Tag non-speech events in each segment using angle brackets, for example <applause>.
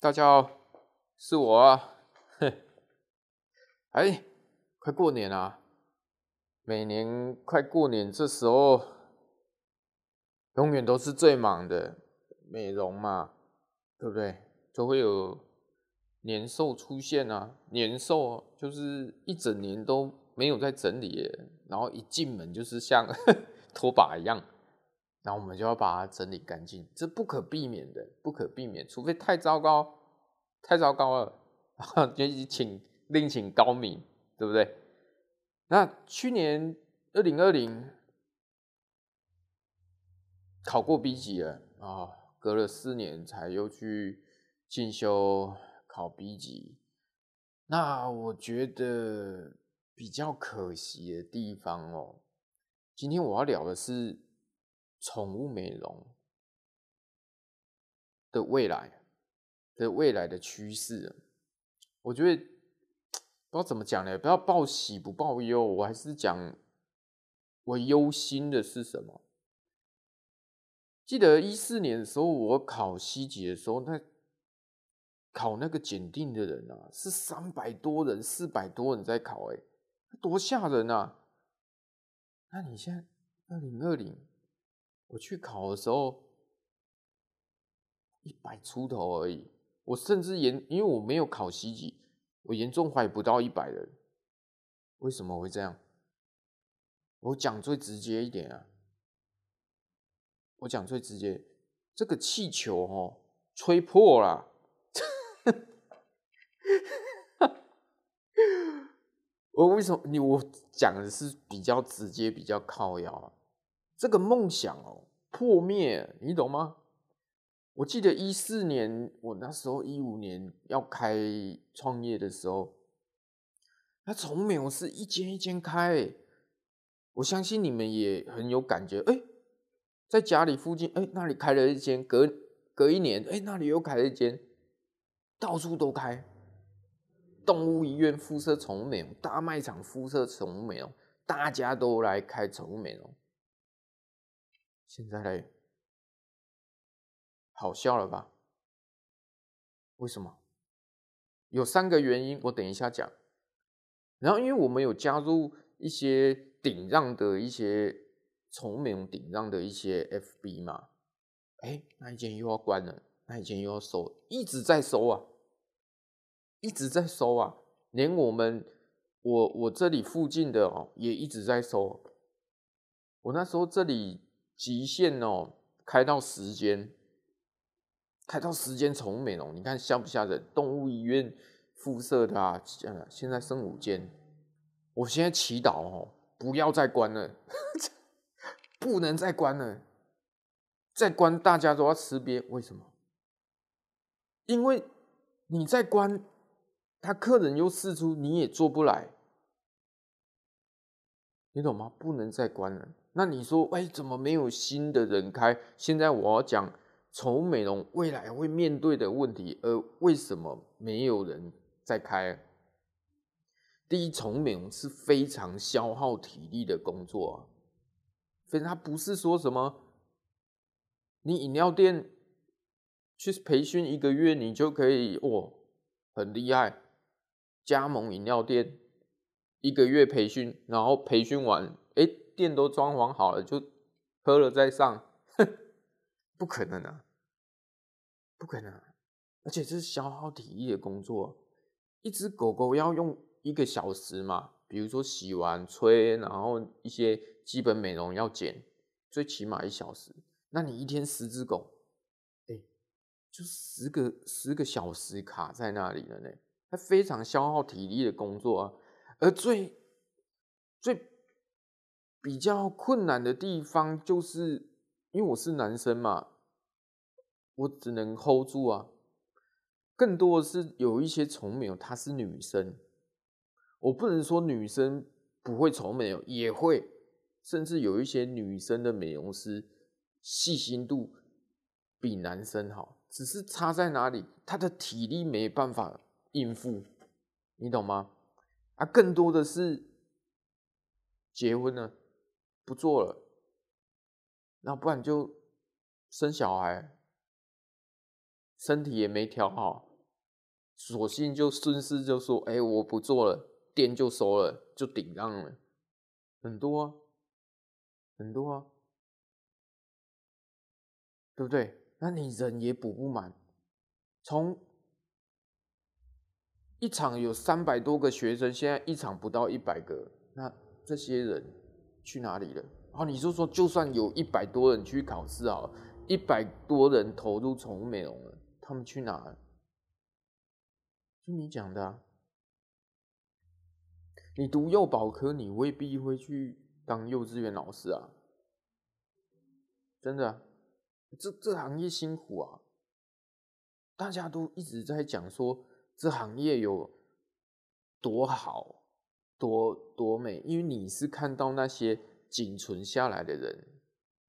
大家好，是我啊，嘿，哎、欸，快過年了，啊，每年快過年這時候，永遠都是最忙的，美容嘛，對不對？就會有年獸出現啊，年獸就是一整年都沒有在整理，然後一進門就是像，呵，拖把一樣。然後我們就要把它整理乾淨，這不可避免的，不可避免，除非太糟糕，太糟糕了哈，就請另請高明，對不對？那去年二零二零考過 B 級了啊、哦，隔了四年才又去進修考 B 級，那我覺得比較可惜的地方哦。今天我要聊的是。寵物美容的未來的未來的趨勢，我覺得不知道怎麼講呢，不要報喜不報憂，我還是講我憂心的是什麼？記得一四年的時候，我考 C 級的時候，那考那個檢定的人啊，是三百多人、四百多人在考，哎，多嚇人啊！那你現在二零二零？我去考的時候，一百出頭而已。我甚至嚴，因為我沒有考 C 級，我嚴重懷疑不到一百人。為什麼會這樣？我講最直接一點啊，我講最直接，這個氣球哦，吹破了啦。 <laughs> 我為什麼你我講的是比較直接，比較靠腰、啊。這個夢想哦、喔、破滅，你懂嗎？我記得一四年，我那時候一五年要開創業的時候，它寵物美容是一間一間開、欸，我相信你們也很有感覺。哎，在家裡附近、欸，哎那裡開了一間，隔隔一年、欸，哎那裡又開了一間，到處都開。動物醫院附設寵物美容，大賣場附設寵物美容，大家都來開寵物美容。現在嘞，好笑了吧？為什麼？有三個原因，我等一下講。然後，因為我們有加入一些頂讓的一些寵物頂讓的一些 FB 嘛，哎、欸，那一間又要關了，那一間又要收，一直在收啊，一直在收啊，連我們我我這裡附近的哦、喔、也一直在收。我那時候這裡。極限哦、喔，開到時間，開到時間，寵物美容，你看嚇不嚇人？動物醫院輻射的啊，現在剩五間，我現在祈禱哦、喔，不要再關了， <laughs> 不能再關了，再關大家都要吃鱉，為什麼？因為你再關，他客人又試出你也做不來，你懂嗎？不能再關了。那你說，哎、欸，怎麼沒有新的人開？現在我要講寵物美容未來會面對的問題，而為什麼沒有人再開？第一，寵物美容是非常消耗體力的工作、啊，所以它不是說什麼你飲料店去培訓一個月，你就可以哇，很厲害，加盟飲料店一個月培訓，然後培訓完。店都裝潢好了，就喝了再上，不可能啊，不可能、啊！而且這是消耗體力的工作、啊，一隻狗狗要用一個小時嘛，比如說洗完吹，然後一些基本美容要剪，最起碼一小時。那你一天十只狗，哎、欸，就十個十個小時卡在那裡了呢、欸，它非常消耗體力的工作啊，而最最。比較困難的地方就是，因為我是男生嘛，我只能 hold 住啊。更多的是有一些寵美，她是女生，我不能說女生不會寵美，也會。甚至有一些女生的美容師細心度比男生好，只是差在哪裡，他的體力沒辦法應付，你懂嗎？啊，更多的是結婚呢、啊。不做了，那不然就生小孩，身體也沒調好，索性就順勢就說：“哎、欸，我不做了，店就收了，就頂讓了。”很多啊，很多啊，對不對？那你人也補不滿，從一場有三百多個學生，現在一場不到一百個，那這些人。去哪裡了？哦，你就說，就算有一百多人去考試啊，一百多人投入寵物美容了，他們去哪？聽你講的啊，你讀幼保科，你未必會去當幼稚園老師啊，真的，這這行業辛苦啊，大家都一直在講說這行業有多好。多多美，因為你是看到那些僅存下來的人。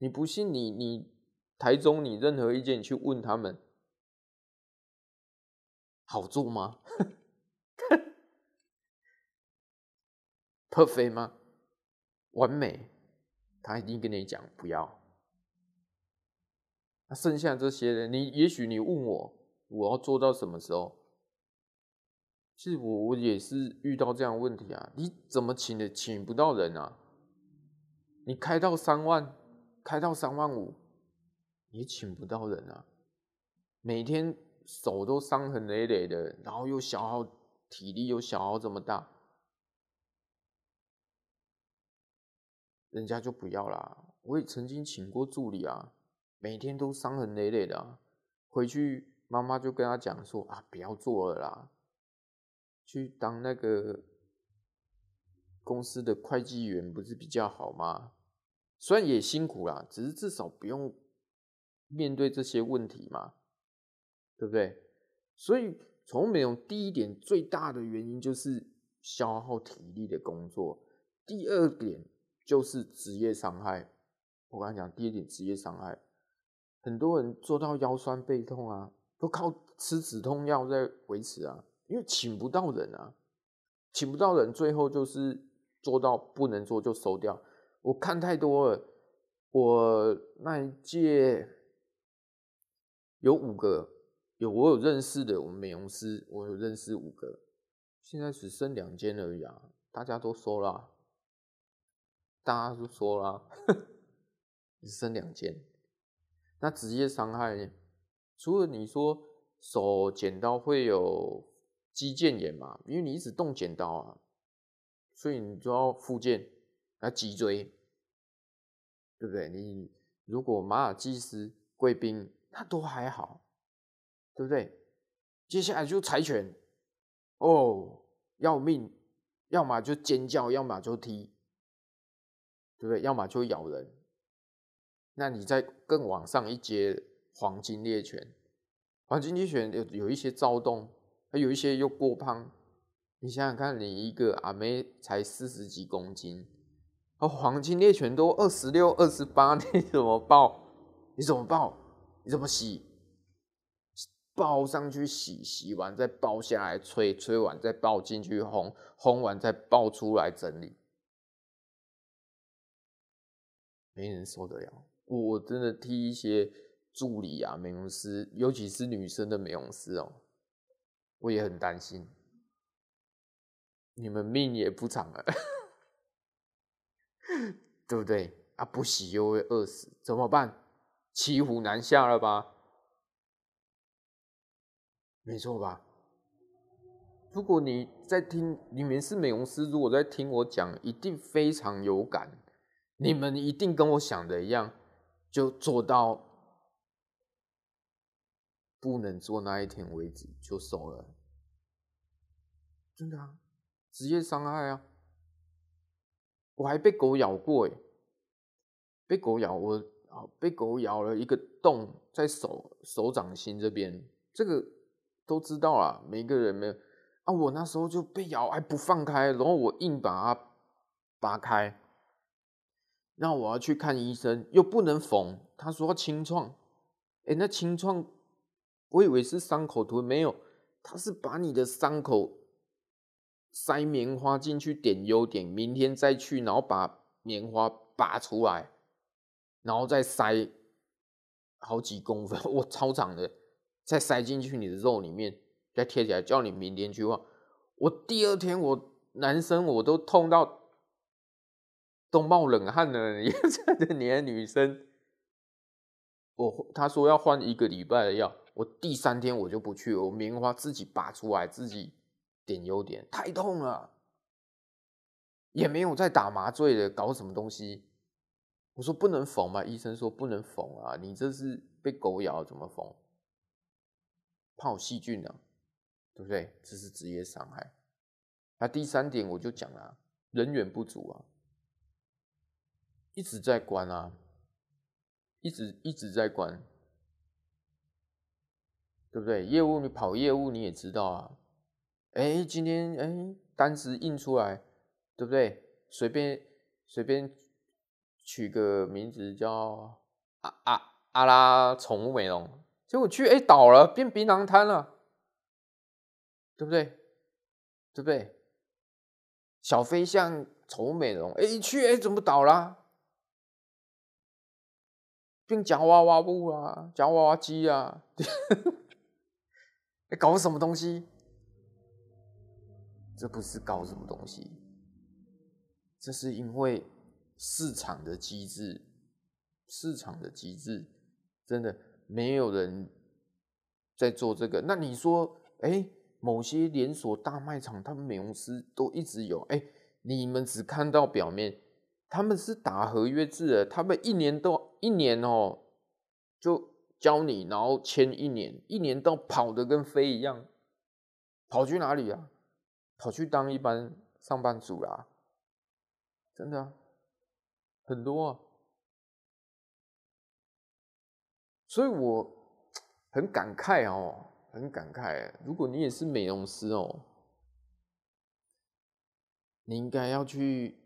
你不信你你台中你任何一間，你去問他們，好做嗎 <laughs> ？perfect 嗎？完美？他一定跟你講不要。那剩下這些人，你也許你問我，我要做到什麼時候？是我我也是遇到這樣的問題啊！你怎麼請的請不到人啊？你開到三萬，開到三萬五，也請不到人啊！每天手都傷痕累累的，然後又消耗體力，又消耗這麼大，人家就不要啦。我也曾經請過助理啊，每天都傷痕累累的啊，回去媽媽就跟他講說啊，不要做了啦。去當那個公司的會計員不是比較好嗎？雖然也辛苦啦，只是至少不用面對這些問題嘛，對不對？所以從美容第一點最大的原因就是消耗體力的工作，第二點就是職業傷害。我剛才講第二點職業傷害，很多人做到腰酸背痛啊，都靠吃止痛藥在維持啊。因為請不到人啊，請不到人，最後就是做到不能做就收掉。我看太多了，我那一屆有五個，有我有認識的，我們美容師，我有認識五個，現在只剩兩間而已啊！大家都收了，大家都收了，只剩兩間。那職業傷害，除了你說手剪刀會有，肌腱炎嘛，因為你一直動剪刀啊，所以你就要復健。啊，脊椎，對不對？你如果馬爾濟斯貴賓，那都還好，對不對？接下來就柴犬，哦，要命，要麼就尖叫，要麼就踢，對不對？要麼就咬人。那你再更往上一階，黃金獵犬，黃金獵犬有有一些躁動。啊、有一些又過胖，你想想看，你一個阿妹、啊、才四十幾公斤，而、哦、黃金獵犬都二十六、二十八，你怎麼抱？你怎麼抱？你怎麼洗？抱上去洗，洗完再抱下來吹，吹完再抱進去烘，烘完再抱出來整理，沒人受得了。我我真的替一些助理啊、美容師，尤其是女生的美容師哦。我也很擔心，你們命也不長了， <laughs> 對不對？啊，不洗又會餓死，怎麼辦？騎虎難下了吧？沒錯吧？如果你在聽，你們是美容師，如果在聽我講，一定非常有感，你們一定跟我想的一樣，就做到。不能做那一天為止就收了，真的啊，職業傷害啊！我還被狗咬過哎、欸，被狗咬我啊，被狗咬了一個洞在手手掌心這邊，這個都知道啊，每一個人沒有啊，我那時候就被咬，還不放開，然後我硬把它拔開，那我要去看醫生，又不能縫，他說清創，哎、欸，那清創。我以為是傷口圖沒有，他是把你的傷口塞棉花進去，點優碘，明天再去，然後把棉花拔出來，然後再塞好幾公分，我超長的，再塞進去你的肉裡面，再貼起來，叫你明天去換。我第二天我男生我都痛到都冒冷汗了，也這樣的年女生，我他說要換一個禮拜的藥。我第三天我就不去了，我棉花自己拔出來，自己點優碘，太痛了，也沒有在打麻醉的，搞什麼東西。我說不能縫嗎？醫生說不能縫啊，你這是被狗咬，怎麼縫？怕有細菌呢、啊，對不對？這是職業傷害。那第三點我就講了、啊，人員不足啊，一直在關啊，一直一直在關。對不對？業務你跑業務你也知道啊，哎，今天哎單子印出來，對不對？隨便隨便取個名字叫阿阿阿拉寵物美容，結果去哎倒了，變檳榔攤了，對不對？對不對？小飛象寵物美容，哎一去哎怎麼倒啦？變夾娃娃屋啊，夾娃娃機啊。 <laughs> 搞什麼東西？這不是搞什麼東西，這是因為市場的機制，市場的機制真的沒有人在做這個。那你說，哎，某些連鎖大賣場，他們美容師都一直有，哎，你們只看到表面，他們是打合約制的，他們一年都一年哦，就。教你，然後簽一年，一年到跑得跟飛一樣，跑去哪裡啊？跑去當一般上班族啊？真的、啊、很多啊。所以我很感慨哦、喔，很感慨。如果你也是美容師哦、喔，你應該要去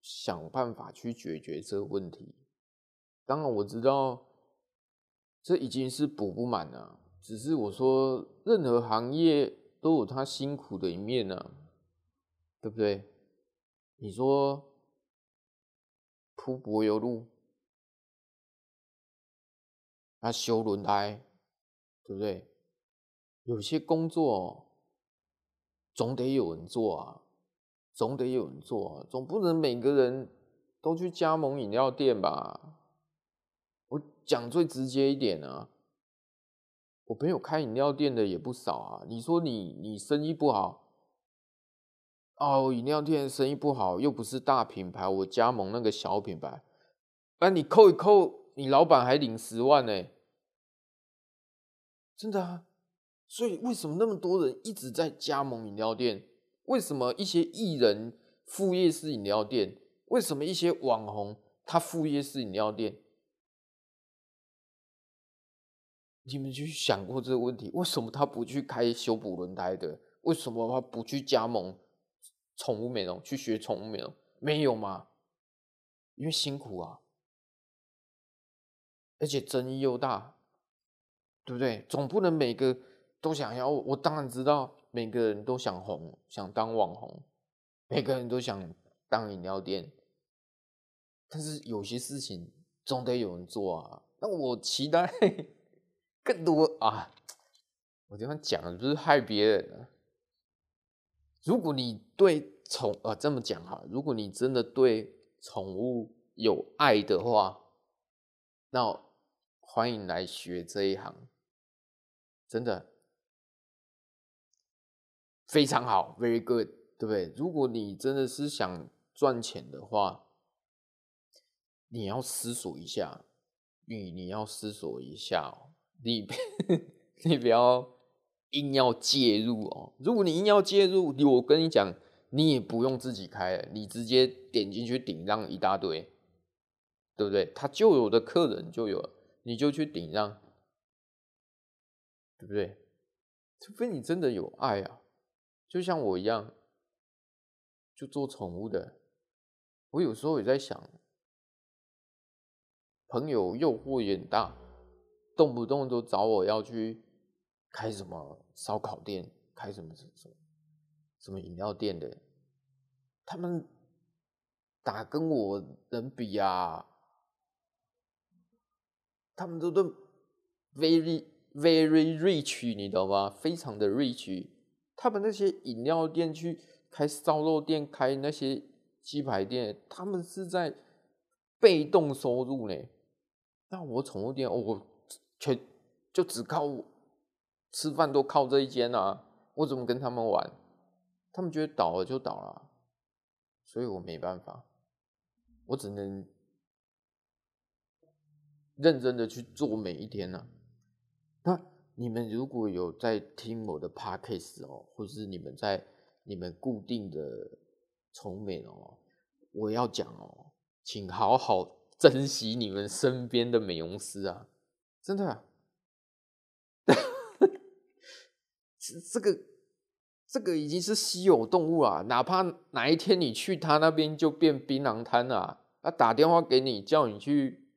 想辦法去解決這個問題。當然我知道。這已經是補不滿了，只是我說，任何行業都有它辛苦的一面呢，對不對？你說鋪柏油路，那、啊、修輪胎，對不對？有些工作總得有人做啊，總得有人做、啊，總不能每個人都去加盟飲料店吧。講最直接一點啊，我朋友開飲料店的也不少啊。你說你你生意不好，哦、啊，飲料店生意不好，又不是大品牌，我加盟那個小品牌，哎、啊，你扣一扣，你老闆還領十萬呢、欸，真的啊。所以為什麼那麼多人一直在加盟飲料店？為什麼一些藝人副業是飲料店？為什麼一些網紅他副業是飲料店？你們去想過這個問題？為什麼他不去開修補輪胎的？為什麼他不去加盟寵物美容，去學寵物美容？沒有嗎？因為辛苦啊，而且爭議又大，對不對？總不能每個都想要我。我當然知道，每個人都想紅，想當網紅，每個人都想當飲料店，但是有些事情總得有人做啊。那我期待。 <laughs> 更多啊！我這樣講，就是害別人。如果你對寵啊這麼講哈，如果你真的對寵物有愛的話，那歡迎來學這一行，真的非常好，very good，對不對？如果你真的是想賺錢的話，你要思索一下，你你要思索一下哦。你 <laughs> 你不要硬要介入哦、喔。如果你硬要介入，我跟你講，你也不用自己開了，你直接點進去頂讓一大堆，對不對？他就有的客人就有了，你就去頂讓，對不對？除非你真的有愛啊，就像我一樣，就做寵物的，我有時候也在想，朋友誘惑也很大。動不動都找我要去開什麼燒烤店，開什麼什麼什麼飲料店的，他們打跟我人比啊。他們都都 very very rich，你知道嗎？非常的 rich，他們那些飲料店去開燒肉店、開那些雞排店，他們是在被動收入呢、欸。那我寵物店我。哦就就只靠吃飯都靠這一間啊！我怎麼跟他們玩？他們覺得倒了就倒了，所以我沒辦法，我只能認真的去做每一天呢、啊。那你們如果有在聽我的 Podcast 哦，或是你們在你們固定的寵美哦，我要講哦，請好好珍惜你們身邊的美容師啊！真的、啊 <laughs> 這，這這個這個已經是稀有動物了啊！哪怕哪一天你去他那邊就變檳榔攤了、啊，他、啊、打電話給你叫你去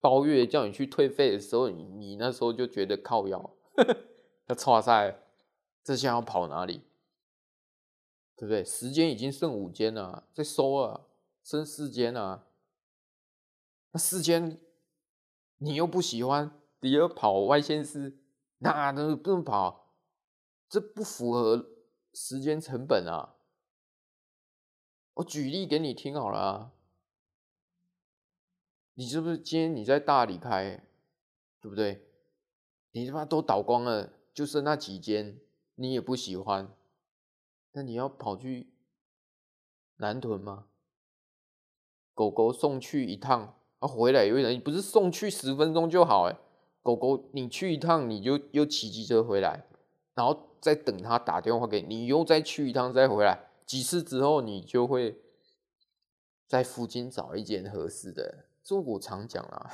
包月，叫你去退費的時候，你你那時候就覺得靠腰，他哇塞，這下要跑哪裡？對不對？時間已經剩五間了、啊，再收了、啊、剩四間了、啊。那四間你又不喜歡。你要跑外縣市，那都不能跑，這不符合時間成本啊！我舉例給你聽好了啊！你是不是今天你在大理開、欸，對不對？你把他媽都倒光了，就剩那幾間，你也不喜歡，那你要跑去南屯嗎？狗狗送去一趟啊，回來有人，你不是送去十分鐘就好、欸狗狗，你去一趟，你就又騎機車回來，然後再等他打電話給你，你又再去一趟，再回來幾次之後，你就會在附近找一間合適的。這我常講啊，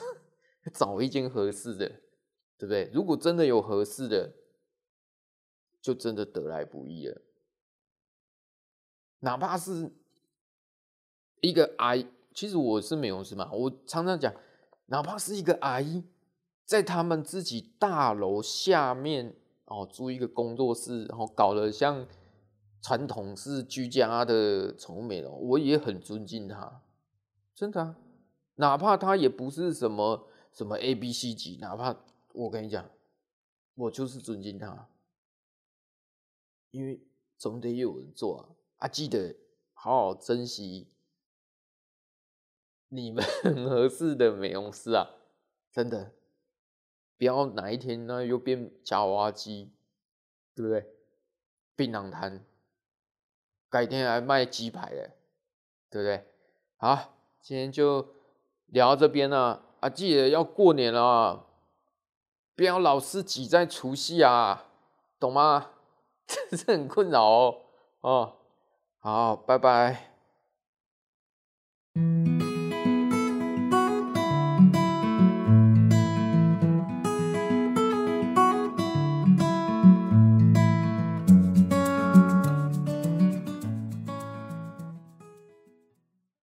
找一間合適的，對不對？如果真的有合適的，就真的得來不易了。哪怕是一個阿姨，其實我是美容師嘛，我常常講，哪怕是一個阿姨。在他們自己大樓下面哦，租一個工作室，然、哦、後搞得像傳統式居家的寵物美容，我也很尊敬他，真的、啊，哪怕他也不是什麼什麼 A、B、C 級，哪怕我跟你講，我就是尊敬他，因為總得有人做啊。啊，記得好好珍惜你們 <laughs> 合適的美容師啊，真的。不要哪一天呢、啊，又變夾娃機，對不對？檳榔攤改天還賣雞排嘞，對不對？好，今天就聊到這邊了啊，記得要過年了啊，不要老是擠在除夕啊，懂嗎？真是很困擾哦。哦，好，拜拜。